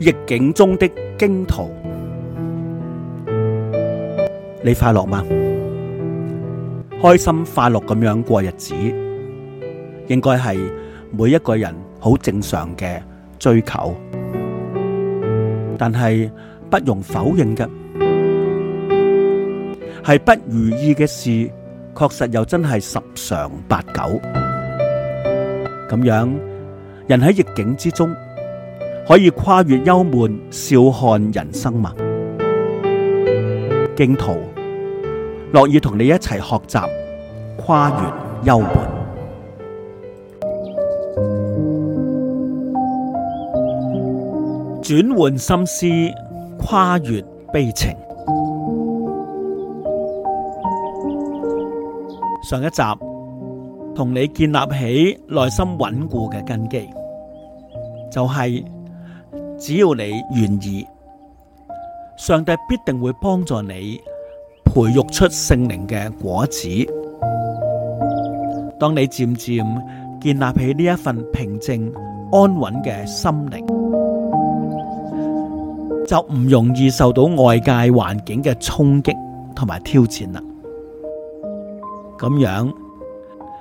逆境中的荊徒，你快樂嗎？開心快樂咁樣過日子，應該係每一個人好正常嘅追求。但係不容否認嘅，係不如意嘅事，確實又真係十常八九。咁樣，人喺逆境之中。可以跨越幽悶，笑看人生物。荊徒樂意同你一齊學習跨越幽悶，轉換心思，跨越悲情。上一集同你建立起內心穩固嘅根基，就係、是。只要你願意，上帝必定會幫助你培育出聖靈嘅果子。當你漸漸建立起呢一份平靜安穩嘅心靈，就唔容易受到外界環境嘅衝擊同埋挑戰啦。咁樣，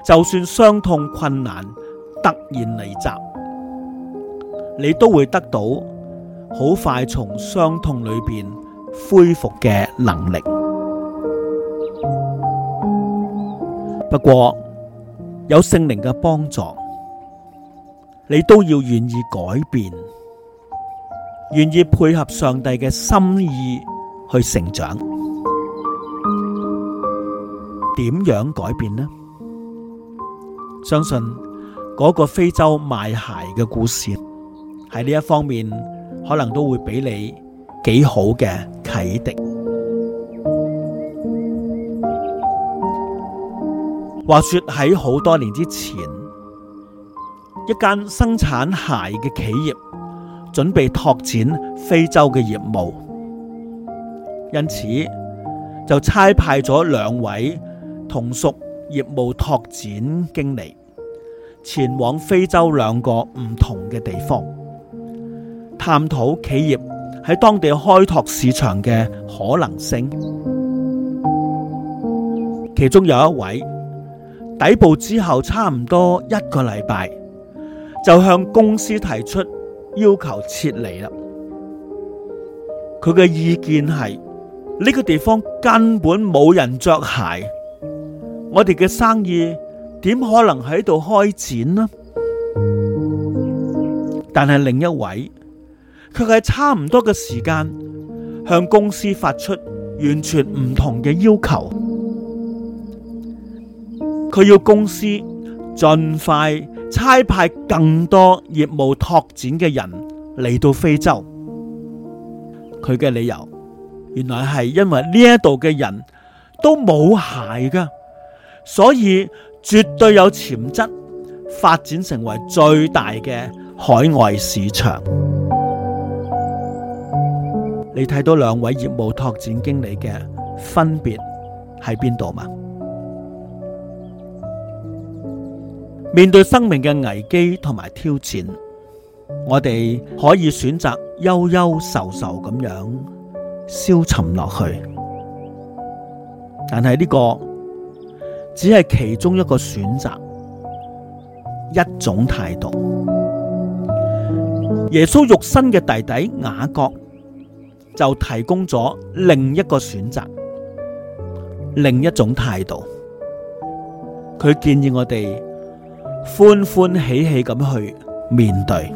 就算傷痛困難，突然嚟襲。你都會得到好快從傷痛裏邊恢復嘅能力。不過有聖靈嘅幫助，你都要願意改變，願意配合上帝嘅心意去成長。點樣改變呢？相信嗰個非洲賣鞋嘅故事。喺呢一方面，可能都會俾你幾好嘅啟迪。話說喺好多年之前，一間生產鞋嘅企業準備拓展非洲嘅業務，因此就差派咗兩位同屬業務拓展經理前往非洲兩個唔同嘅地方。探討企業喺當地開拓市場嘅可能性，其中有一位到埗之後差唔多一個禮拜就向公司提出要求撤離啦。佢嘅意見係呢、這個地方根本冇人着鞋，我哋嘅生意點可能喺度開展呢？但係另一位。佢喺差唔多嘅時間向公司發出完全唔同嘅要求。佢要公司盡快差派更多業務拓展嘅人嚟到非洲。佢嘅理由，原來係因為呢一度嘅人都冇鞋噶，所以絕對有潛質發展成為最大嘅海外市場。你睇到兩位業務拓展經理嘅分別喺邊度嘛？面對生命嘅危機同埋挑戰，我哋可以選擇憂憂愁愁咁樣消沉落去，但係呢個只係其中一個選擇，一種態度。耶穌肉身嘅弟弟雅各。就提供咗另一個選擇，另一種態度。佢建議我哋歡歡喜喜咁去面對。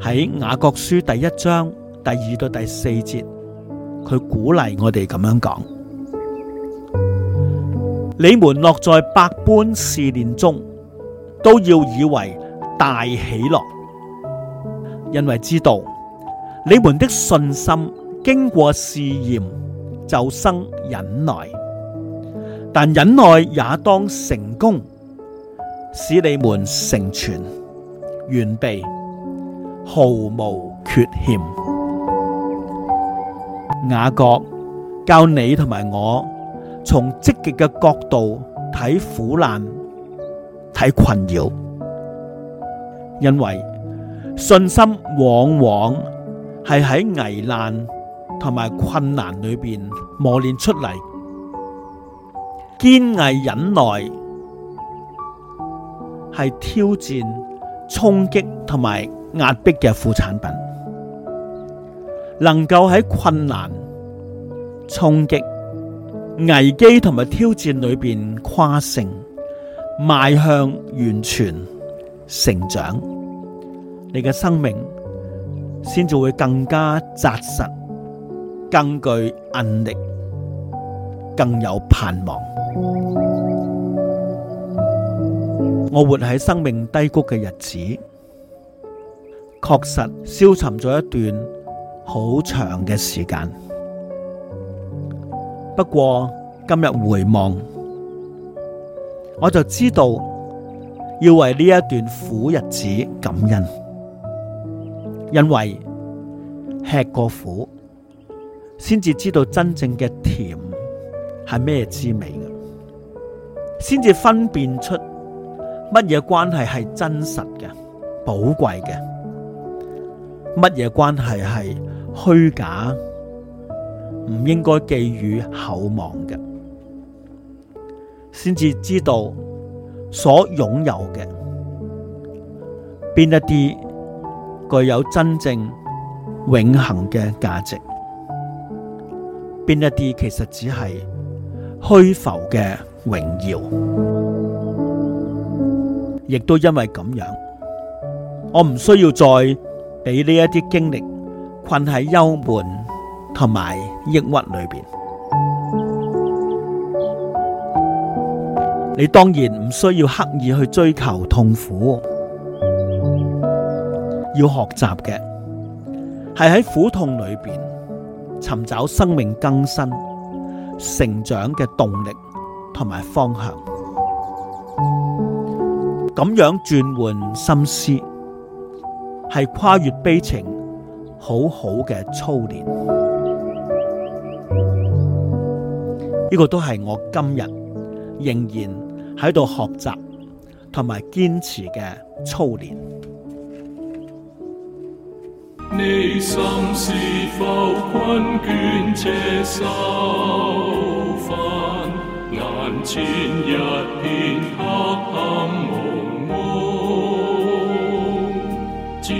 喺雅各書第一章第二到第四節，佢鼓勵我哋咁樣講：你們落在百般試煉中，都要以為大喜樂，因為知道。你們的信心經過試驗就生忍耐，但忍耐也當成功，使你們成全完備，原毫無缺欠。雅各教你同埋我從積極嘅角度睇苦難、睇困擾，因為信心往往。係喺危難同埋困難裏邊磨練出嚟堅毅忍耐，係挑戰衝擊同埋壓迫嘅副產品，能夠喺困難、衝擊、危機同埋挑戰裏邊誇勝，邁向完全成長，你嘅生命。先至會更加扎實、更具韌力、更有盼望。 我活喺生命低谷嘅日子，確實消沉咗一段好長嘅時間。不過今日回望，我就知道要為呢一段苦日子感恩。因為吃過苦，先至知道真正嘅甜係咩滋味嘅，先至分辨出乜嘢關係係真實嘅、寶貴嘅，乜嘢關係係虛假，唔應該寄予厚望嘅，先至知道所擁有嘅邊一啲。具有真正永恆嘅價值，邊一啲其實只係虛浮嘅榮耀，亦都因為咁樣，我唔需要再俾呢一啲經歷困喺憂悶同埋抑鬱裏邊。你當然唔需要刻意去追求痛苦。要學習嘅係喺苦痛裏面尋找生命更新、成長嘅動力同埋方向，咁樣轉換心思係跨越悲情好好嘅操練。呢個都係我今日仍然喺度學習同埋堅持嘅操練。你心是否困倦、且愁煩？眼前一片黑暗蒙蒙，只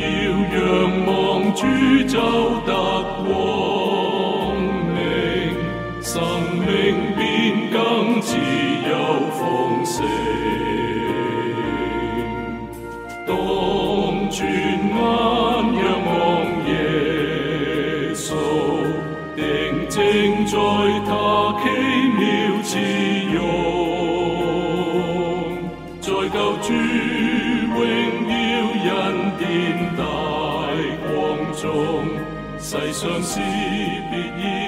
要仰望主掌。主榮耀恩典大光中，世上事別意。